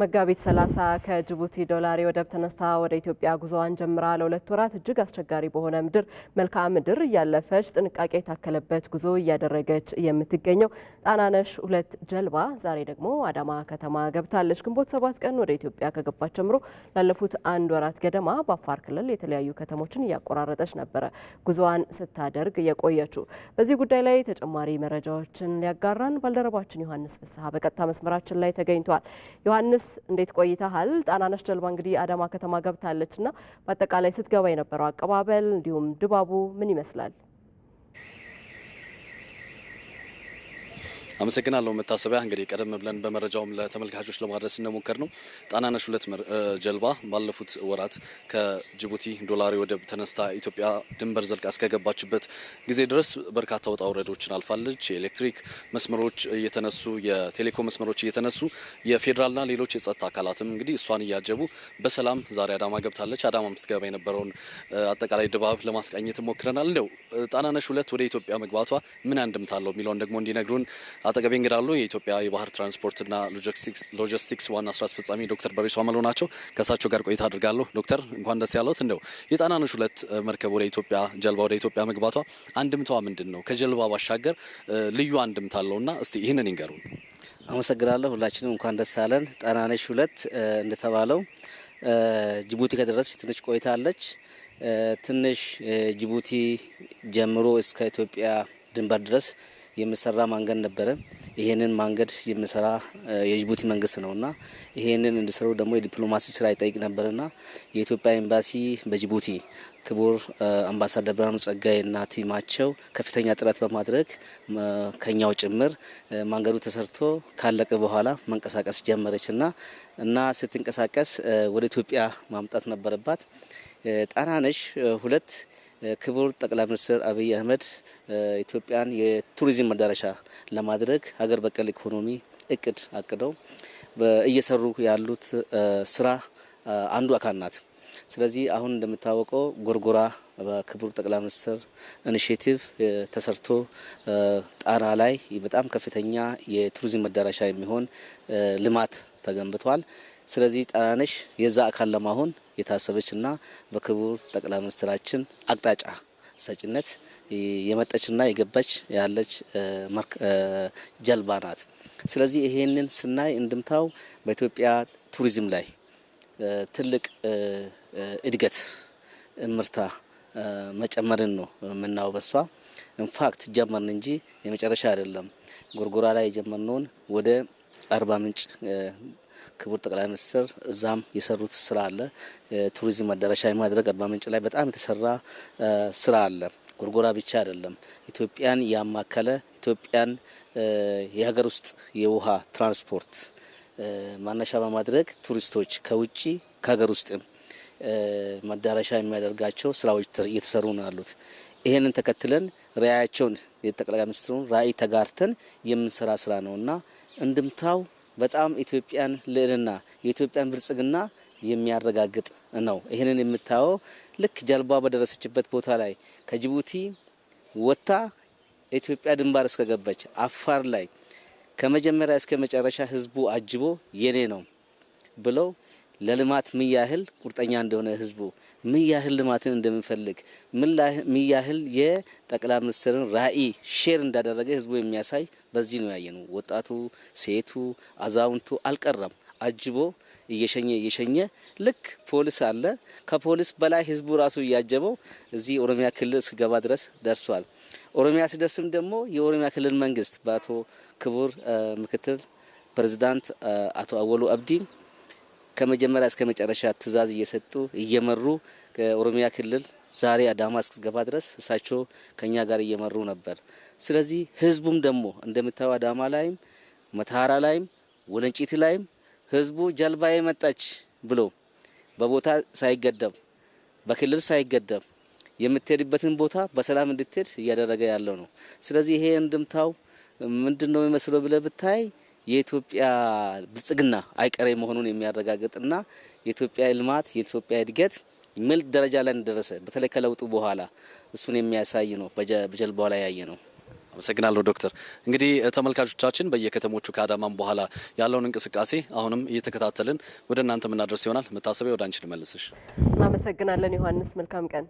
መጋቢት 30 ከጅቡቲ ዶላሪ ወደብ ተነስታ ወደ ኢትዮጵያ ጉዞዋን ጀምራ ለሁለት ወራት እጅግ አስቸጋሪ በሆነ ምድር መልክዓ ምድር እያለፈች ጥንቃቄ የታከለበት ጉዞ እያደረገች የምትገኘው ጣናነሽ ሁለት ጀልባ ዛሬ ደግሞ አዳማ ከተማ ገብታለች። ግንቦት ሰባት ቀን ወደ ኢትዮጵያ ከገባች ጀምሮ ላለፉት አንድ ወራት ገደማ በአፋር ክልል የተለያዩ ከተሞችን እያቆራረጠች ነበረ ጉዞዋን ስታደርግ የቆየችው። በዚህ ጉዳይ ላይ ተጨማሪ መረጃዎችን ሊያጋራን ባልደረባችን ዮሐንስ ፍስሀ በቀጥታ መስመራችን ላይ ተገኝቷል። ዮሐንስ እንዴት ቆይተሃል? ነሽ ጀልባ እንግዲህ አዳማ ከተማ ገብታለች እና በአጠቃላይ ስትገባ የነበረው አቀባበል እንዲሁም ድባቡ ምን ይመስላል? አመሰግናለሁ መታሰቢያ። እንግዲህ ቀደም ብለን በመረጃውም ለተመልካቾች ለማድረስ እንደሞከር ነው ጣናነሽ ሁለት ጀልባ ባለፉት ወራት ከጅቡቲ ዶላሪ ወደብ ተነስታ ኢትዮጵያ ድንበር ዘልቃ እስከገባችበት ጊዜ ድረስ በርካታ ወጣ ውረዶችን አልፋለች። የኤሌክትሪክ መስመሮች እየተነሱ፣ የቴሌኮም መስመሮች እየተነሱ የፌዴራልና ሌሎች የጸጥታ አካላትም እንግዲህ እሷን እያጀቡ በሰላም ዛሬ አዳማ ገብታለች። አዳማ ምስትገባ የነበረውን አጠቃላይ ድባብ ለማስቃኘት ሞክረናል። እንደው ጣናነሽ ሁለት ወደ ኢትዮጵያ መግባቷ ምን አንድምታ የሚለውን ደግሞ እንዲነግሩን አጠገቤ እንግዳሉ የኢትዮጵያ የባህር ትራንስፖርትና ሎጂስቲክስ ዋና ስራ አስፈጻሚ ዶክተር በሪሶ አመሎ ናቸው። ከእሳቸው ጋር ቆይታ አድርጋለሁ። ዶክተር እንኳን ደስ ያለዎት። እንደው የጣናነሽ ሁለት መርከብ ወደ ኢትዮጵያ ጀልባ ወደ ኢትዮጵያ መግባቷ አንድምታዋ ምንድን ነው? ከጀልባ ባሻገር ልዩ አንድምታ አለውና እስቲ ይህንን ይንገሩ። አመሰግናለሁ። ሁላችንም እንኳን ደስ አለን። ጣናነሽ ሁለት እንደተባለው ጅቡቲ ከደረሰች ትንሽ ቆይታ አለች። ትንሽ ጅቡቲ ጀምሮ እስከ ኢትዮጵያ ድንበር ድረስ የምሰራ ማንገድ ነበረ። ይሄንን ማንገድ የምሰራ የጅቡቲ መንግስት ነውና ይሄንን እንድሰሩ ደግሞ የዲፕሎማሲ ስራ ይጠይቅ ነበርና የኢትዮጵያ ኤምባሲ በጅቡቲ ክቡር አምባሳደር ብርሃኑ ጸጋዬና ቲማቸው ከፍተኛ ጥረት በማድረግ ከኛው ጭምር መንገዱ ተሰርቶ ካለቀ በኋላ መንቀሳቀስ ጀመረች እና እና ስትንቀሳቀስ ወደ ኢትዮጵያ ማምጣት ነበረባት። ጣናነሽ ሁለት ክቡር ጠቅላይ ሚኒስትር አብይ አህመድ ኢትዮጵያን የቱሪዝም መዳረሻ ለማድረግ ሀገር በቀል ኢኮኖሚ እቅድ አቅደው እየሰሩ ያሉት ስራ አንዱ አካል ናት። ስለዚህ አሁን እንደሚታወቀው ጎርጎራ በክቡር ጠቅላይ ሚኒስትር ኢኒሽቲቭ ተሰርቶ ጣና ላይ በጣም ከፍተኛ የቱሪዝም መዳረሻ የሚሆን ልማት ተገንብቷል። ስለዚህ ጣናነሽ የዛ አካል ለማሆን የታሰበችና በክቡር ጠቅላይ ሚኒስትራችን አቅጣጫ ሰጭነት የመጠችና የገባች ያለች ጀልባ ናት። ስለዚህ ይሄንን ስናይ እንድምታው በኢትዮጵያ ቱሪዝም ላይ ትልቅ እድገት እምርታ መጨመርን ነው የምናው በሷ ኢንፋክት ጀመርን እንጂ የመጨረሻ አይደለም። ጎርጎራ ላይ የጀመርነውን ወደ አርባ ምንጭ ክቡር ጠቅላይ ሚኒስትር እዛም የሰሩት ስራ አለ። ቱሪዝም መዳረሻ የማድረግ አርባ ምንጭ ላይ በጣም የተሰራ ስራ አለ። ጎርጎራ ብቻ አይደለም፣ ኢትዮጵያን ያማከለ ኢትዮጵያን የሀገር ውስጥ የውሃ ትራንስፖርት ማነሻ በማድረግ ቱሪስቶች ከውጭ ከሀገር ውስጥም መዳረሻ የሚያደርጋቸው ስራዎች እየተሰሩ ነው ያሉት። ይህንን ተከትለን ራዕያቸውን የጠቅላይ ሚኒስትሩን ራዕይ ተጋርተን የምንሰራ ስራ ነውና እንድምታው በጣም ኢትዮጵያን ልዕልና የኢትዮጵያን ብልጽግና የሚያረጋግጥ ነው። ይህንን የምታየው ልክ ጀልባ በደረሰችበት ቦታ ላይ ከጅቡቲ ወጥታ ኢትዮጵያ ድንባር እስከገባች አፋር ላይ ከመጀመሪያ እስከ መጨረሻ ህዝቡ አጅቦ የኔ ነው ብለው ለልማት ምን ያህል ቁርጠኛ እንደሆነ ህዝቡ ምን ያህል ልማትን እንደምፈልግ ምን ያህል የጠቅላይ ሚኒስትርን ራዕይ ሼር እንዳደረገ ህዝቡ የሚያሳይ በዚህ ነው ያየነው። ወጣቱ፣ ሴቱ፣ አዛውንቱ አልቀረም አጅቦ እየሸኘ እየሸኘ ልክ ፖሊስ አለ ከፖሊስ በላይ ህዝቡ ራሱ እያጀበው እዚህ ኦሮሚያ ክልል እስክገባ ድረስ ደርሷል። ኦሮሚያ ሲደርስም ደግሞ የኦሮሚያ ክልል መንግስት በአቶ ክቡር ምክትል ፕሬዚዳንት አቶ አወሉ አብዲ ከመጀመሪያ እስከ መጨረሻ ትዛዝ እየሰጡ እየመሩ ከኦሮሚያ ክልል ዛሬ አዳማ እስክትገባ ድረስ እሳቸው ከኛ ጋር እየመሩ ነበር። ስለዚህ ህዝቡም ደግሞ እንደምታየው አዳማ ላይም መተሃራ ላይም ወለንጭት ላይም ህዝቡ ጀልባዬ መጣች ብሎ በቦታ ሳይገደብ በክልል ሳይገደብ የምትሄድበትን ቦታ በሰላም እንድትሄድ እያደረገ ያለው ነው። ስለዚህ ይሄ እንድምታው ምንድን ነው የሚመስለው ብለህ ብታይ የኢትዮጵያ ብልጽግና አይቀሬ መሆኑን የሚያረጋግጥና የኢትዮጵያ ልማት የኢትዮጵያ እድገት ምን ደረጃ ላይ እንደደረሰ በተለይ ከለውጡ በኋላ እሱን የሚያሳይ ነው። በጀልባው ላይ ያየ ነው። አመሰግናለሁ ዶክተር። እንግዲህ ተመልካቾቻችን በየከተሞቹ ከአዳማም በኋላ ያለውን እንቅስቃሴ አሁንም እየተከታተልን ወደ እናንተ የምናደርስ ይሆናል። መታሰቢያ ወደ አንቺ ልመልስሽ። እናመሰግናለን ዮሐንስ። መልካም ቀን